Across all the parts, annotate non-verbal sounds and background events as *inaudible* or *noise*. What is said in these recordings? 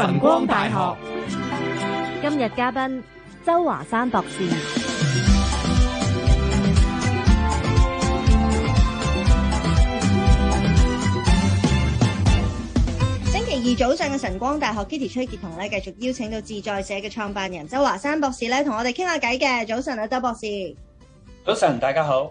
晨光大學今日嘉賓周華山博士。星期二早上嘅晨光大學，Kitty 崔潔彤咧，繼續邀請到自在社嘅創辦人周華山博士咧，同我哋傾下偈嘅。早晨啊，周博士。早晨，大家好。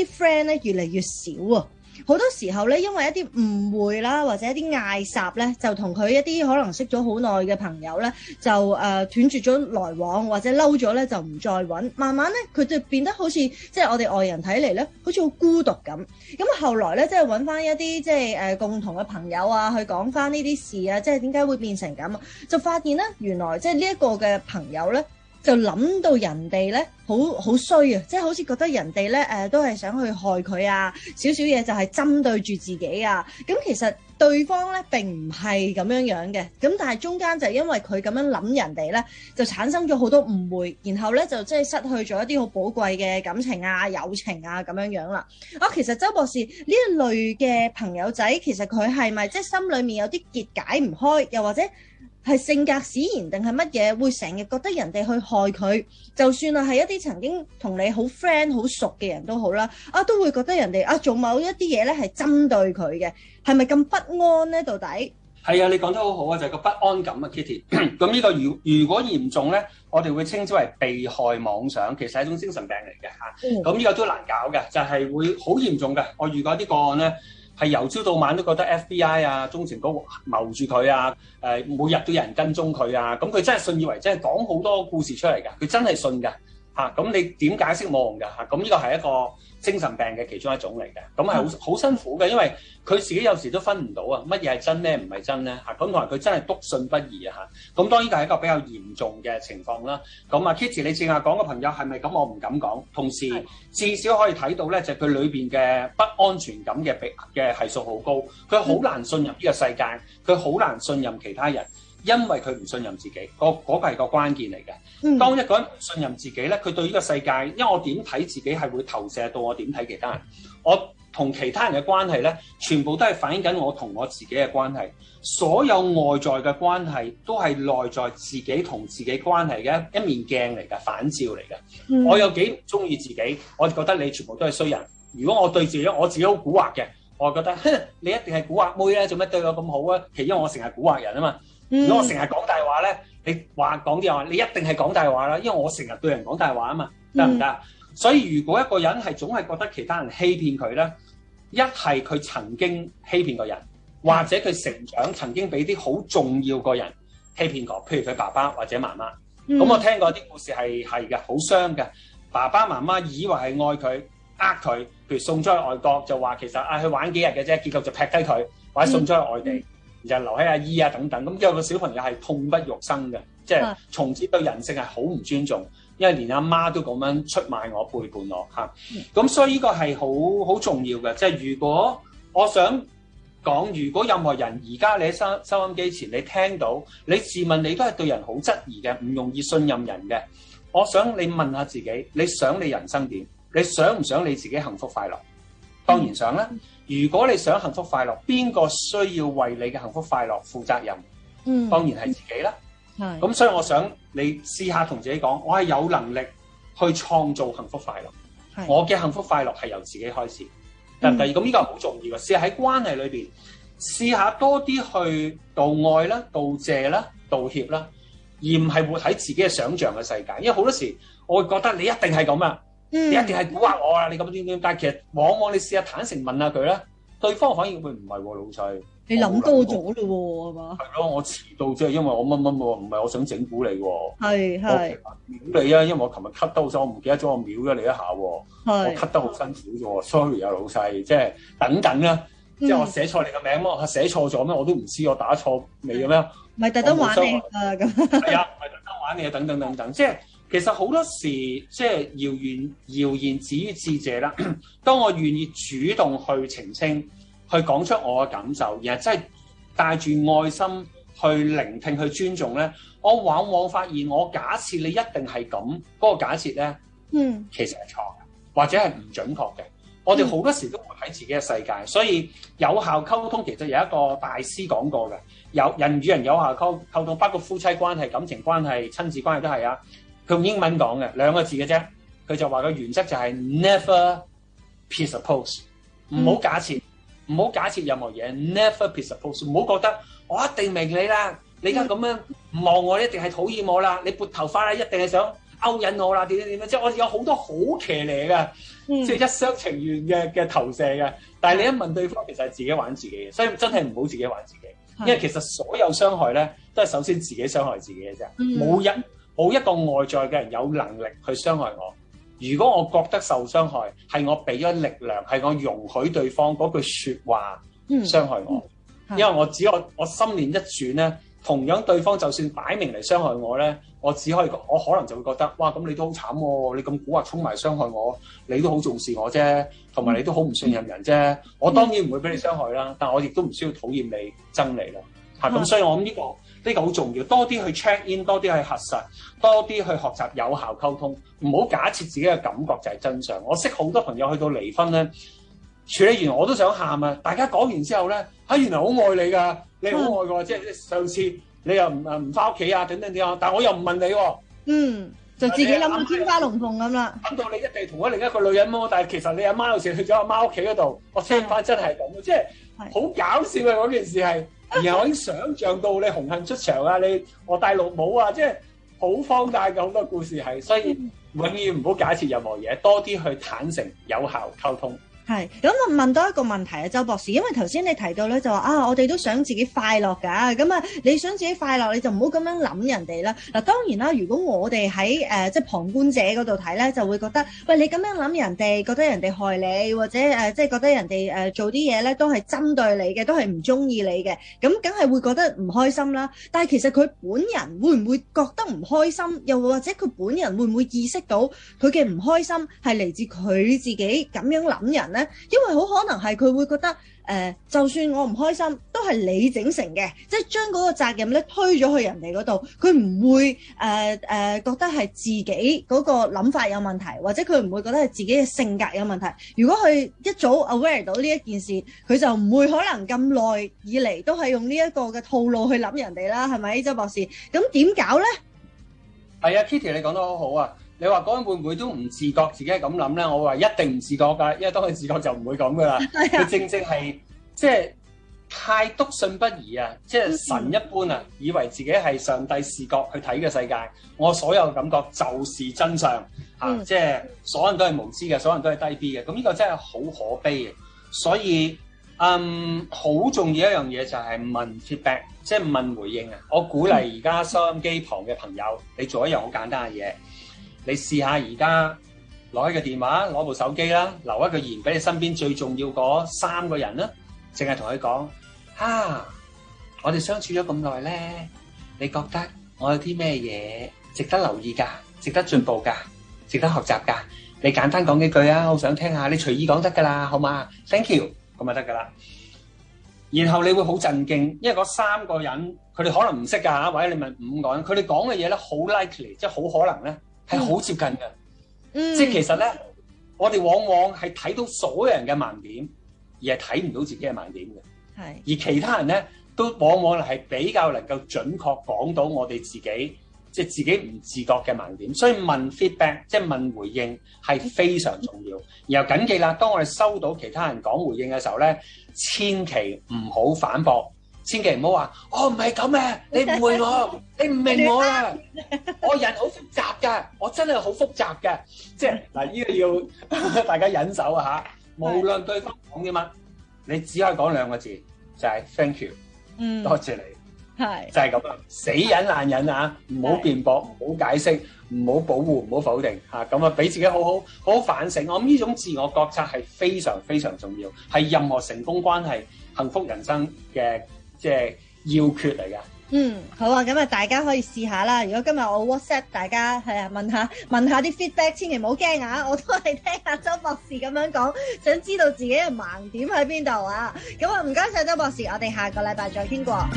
啲 friend 咧越嚟越少啊！好多時候咧，因為一啲誤會啦，或者一啲嗌霎咧，就同佢一啲可能識咗好耐嘅朋友咧，就誒斷絕咗來往，或者嬲咗咧就唔再搵。慢慢咧，佢就變得好似即係我哋外人睇嚟咧，好似好孤獨咁。咁後來咧，即係搵翻一啲即係誒共同嘅朋友啊，去講翻呢啲事啊，即係點解會變成咁？就發現咧，原來即係呢一個嘅朋友咧。就諗到人哋呢，好好衰啊！即係好似覺得人哋呢誒、呃、都係想去害佢啊！少少嘢就係針對住自己啊！咁、嗯、其實對方呢並唔係咁樣樣嘅，咁但係中間就因為佢咁樣諗人哋呢，就產生咗好多誤會，然後呢就即係失去咗一啲好寶貴嘅感情啊、友情啊咁樣樣、啊、啦。哦，其實周博士呢類嘅朋友仔，其實佢係咪即係心裏面有啲結解唔開，又或者？係性格使然定係乜嘢？會成日覺得人哋去害佢，就算啊係一啲曾經同你好 friend 好熟嘅人都好啦，啊都會覺得人哋啊做某一啲嘢咧係針對佢嘅，係咪咁不安咧？到底係係？係啊，你講得好好啊，就係、個不安感啊，Kitty。咁呢 *coughs* 個如果如果嚴重咧，我哋會稱之為被害妄想，其實係一種精神病嚟嘅吓。咁呢、嗯、個都難搞嘅，就係、係、會好嚴重嘅。我遇過一啲個案咧。係由朝到晚都覺得 FBI 啊、中情局謀住佢啊，誒每日都有人跟蹤佢啊，咁、嗯、佢真係信以為真，講好多故事出嚟㗎，佢真係信㗎。嚇咁你點解釋冇用㗎嚇？咁呢個係一個精神病嘅其中一種嚟嘅，咁係好好辛苦嘅，因為佢自己有時都分唔到啊，乜嘢係真咧唔係真咧嚇？咁同埋佢真係篤信不疑嚇。咁當然係一個比較嚴重嘅情況啦。咁啊，Kitty，你正話講嘅朋友係咪咁？我唔敢講。同時至少可以睇到咧，就係佢裏邊嘅不安全感嘅比嘅係數好高，佢好難信任呢個世界，佢好難信任其他人。因為佢唔信任自己，嗰個嗰、嗰個係個關鍵嚟嘅。當一個人唔信任自己咧，佢對呢個世界，因為我點睇自己係會投射到我點睇其他人。我同其他人嘅關係咧，全部都係反映緊我同我自己嘅關係。所有外在嘅關係都係內在自己同自己關係嘅一面鏡嚟嘅，反照嚟嘅。嗯、我有幾中意自己，我覺得你全部都係衰人。如果我對住咗我自己好蠱惑嘅，我覺得哼，你一定係蠱惑妹咧，做咩對我咁好啊？其因為我成日蠱惑人啊嘛。嗯、如果我成日講大話咧，你話講啲話，你一定係講大話啦，因為我成日對人講大話啊嘛，得唔得？嗯、所以如果一個人係總係覺得其他人欺騙佢咧，一係佢曾經欺騙過人，或者佢成長曾經俾啲好重要嘅人欺騙過，譬如佢爸爸或者媽媽。咁、嗯、我聽過啲故事係係嘅，好傷嘅。爸爸媽媽以為係愛佢，呃佢，譬如送咗去外國就話其實啊去玩幾日嘅啫，結局就劈低佢或者送咗去外地。嗯就留喺阿姨啊等等，咁之後個小朋友係痛不欲生嘅，即係從此對人性係好唔尊重，因為連阿媽都咁樣出賣我背叛我嚇。咁，嗯，所以呢個係好好重要嘅，即係如果我想講，如果任何人而家你喺收收音機前你聽到，你自問你都係對人好質疑嘅，唔容易信任人嘅。我想你問下自己，你想你人生點？你想唔想你自己幸福快樂？當然想啦！如果你想幸福快樂，邊個需要為你嘅幸福快樂負責任？嗯，當然係自己啦。係咁，所以我想你試下同自己講，我係有能力去創造幸福快樂。係、嗯、我嘅幸福快樂係由自己開始。第第二，咁呢、嗯、個係好重要嘅，試下喺關係裏邊試下多啲去道愛啦、道謝啦、道歉啦，而唔係活喺自己嘅想象嘅世界。因為好多時我會覺得你一定係咁啊！嗯、你一定係估惑我啦、啊，你咁點點，但係其實往往你試下坦誠問下佢咧，對方反而佢唔係喎，老細。你諗多咗咯喎，係嘛？係咯嗎，我遲到即係因為我乜乜喎，唔係我想整蠱你喎、啊。係係。秒你啊，因為我琴日 cut 得好犀，我唔記得咗我秒咗你一下喎、啊。係是。我 cut 得好辛苦啫喎，sorry 啊，老細，即係等等啦、啊，即係我寫錯你個名乜？嗯、寫錯咗咩？我都唔知我打錯你嘅咩？唔係特登玩你啊咁。係 *laughs* 啊、哎，唔係特登玩你啊，等等等等，即係。其實好多時即係謠言，謠言止於智者啦。當我願意主動去澄清，去講出我嘅感受，然後真係帶住愛心去聆聽、去尊重咧，我往往發現我假設你一定係咁，嗰個假設咧，嗯，其實係錯嘅，或者係唔準確嘅。我哋好多時都會喺自己嘅世界，所以有效溝通其實有一個大師講過嘅，有人與人有效溝溝通，包括夫妻關係、感情關係、親子關係都係啊。用英文講嘅兩個字嘅啫，佢就話個原則就係 never presuppose 唔好假設，唔好假設任何嘢，never presuppose 唔好覺得我一定明你啦，你而家咁樣望我、嗯、一定係討厭我啦，你撥頭髮咧一定係想勾引我啦，點點點，即係我有好多好騎呢嘅，即係、嗯、一廂情願嘅嘅投射嘅。但係你一問對方，嗯、其實係自己玩自己嘅，所以真係唔好自己玩自己，因為其實所有傷害咧都係首先自己傷害自己嘅啫，冇、嗯、人。冇一個外在嘅人有能力去傷害我。如果我覺得受傷害，係我俾咗力量，係我容許對方嗰句說話傷害我。嗯嗯、因為我只我我心念一轉咧，同樣對方就算擺明嚟傷害我咧，我只可以我可能就會覺得，哇！咁你都好慘、哦，你咁蠱惑衝埋傷害我，你都好重視我啫，同埋你都好唔信任人啫。嗯嗯、我當然唔會俾你傷害啦，嗯嗯、但我亦都唔需要討厭你、憎你啦。吓、嗯、咁，所以我諗呢、這個。呢個好重要，多啲去 check in，多啲去核實，多啲去學習有效溝通，唔好假設自己嘅感覺就係真相。我識好多朋友去到離婚咧，處理完我都想喊啊！大家講完之後咧，嚇、哎、原來好愛你㗎，你好愛我，嗯、即係上次你又唔唔返屋企啊，等等啲啊，但我又唔問你喎、啊。嗯，就自己諗到天花龍鳳咁啦。諗到你一地同咗另一個女人喎、啊，但係其實你阿媽有時去咗阿媽屋企嗰度，我聽返真係咁即係的好搞笑啊！嗰件事係。然後可以想像到你紅杏出牆啊！你我戴綠帽啊！即係好荒誕嘅，好多故事係，所以永遠唔好假設任何嘢，多啲去坦誠有效溝通。係，咁我問多一個問題啊，周博士，因為頭先你提到咧，就話啊，我哋都想自己快樂㗎，咁啊，你想自己快樂，你就唔好咁樣諗人哋啦。嗱，當然啦，如果我哋喺誒即係旁觀者嗰度睇咧，就會覺得，喂，你咁樣諗人哋，覺得人哋害你，或者誒、呃、即係覺得人哋誒做啲嘢咧，都係針對你嘅，都係唔中意你嘅，咁梗係會覺得唔開心啦。但係其實佢本人會唔會覺得唔開心？又或者佢本人會唔會意識到佢嘅唔開心係嚟自佢自己咁樣諗人咧？因為好可能係佢會覺得誒、呃，就算我唔開心，都係你整成嘅，即係將嗰個責任咧推咗去人哋嗰度，佢唔會誒誒、呃呃、覺得係自己嗰個諗法有問題，或者佢唔會覺得係自己嘅性格有問題。如果佢一早 aware 到呢一件事，佢就唔會可能咁耐以嚟都係用呢一個嘅套路去諗人哋啦，係咪，周博士？咁點搞呢？係啊，Kitty，你講得好好啊！你話嗰個會唔會都唔自覺自己係咁諗咧？我話一定唔自覺㗎，因為當佢自覺就唔會咁噶啦。佢 *laughs* 正正係即係太篤信不疑啊，即係神一般啊，以為自己係上帝視角去睇嘅世界。我所有感覺就是真相嚇，即係、 *laughs* 啊就是、所有人都係無知嘅，所有人都係低 B 嘅。咁呢個真係好可悲嘅。所以嗯，好重要一樣嘢就係問 feedback 即係問回應啊。我鼓勵而家收音機旁嘅朋友， *laughs* 你做一樣好簡單嘅嘢。你試下而家攞一個電話，攞部手機啦，留一個言俾你身邊最重要嗰三個人啦，淨係同佢講，啊，我哋相處咗咁耐咧，你覺得我有啲咩嘢值得留意噶，值得進步噶，值得學習噶？你簡單講幾句啊，好想聽下，你隨意講得噶啦，好嘛？Thank you，咁啊得噶啦。然後你會好震驚，因為嗰三個人佢哋可能唔識噶嚇，或者你問五個人，佢哋講嘅嘢咧好 likely，即係好可能咧。係好接近嘅，嗯、即係其實咧，我哋往往係睇到所有人嘅盲點，而係睇唔到自己嘅盲點嘅。係是而其他人咧都往往係比較能夠準確講到我哋自己，即係自己唔自覺嘅盲點。所以問 feedback，即係問回應係非常重要。是然後緊記啦，當我哋收到其他人講回應嘅時候咧，千祈唔好反駁。千祈唔好話，哦，唔係咁嘅，你誤會，你唔明我啦。我人好複雜噶，我真係好複雜嘅，即係嗱，呢個要大家忍手啊吓。無論對方講啲乜，你只可以講兩個字，就係 thank you，嗯，多謝你，係就係咁啦。死忍爛忍啊吓，唔好辯駁，唔好解釋，唔好保護，唔好否定吓。咁啊，俾自己好好好好反省。我諗呢種自我覺察係非常非常重要，係任何成功關係、幸福人生嘅。即係要訣嚟噶，嗯，好啊，咁啊，大家可以試下啦。如果今日我 WhatsApp 大家係啊，問下問下啲 feedback，千祈唔好驚啊！我都係聽阿周博士咁樣講，想知道自己嘅盲點喺邊度啊！咁啊，唔該晒周博士，我哋下個禮拜再傾過。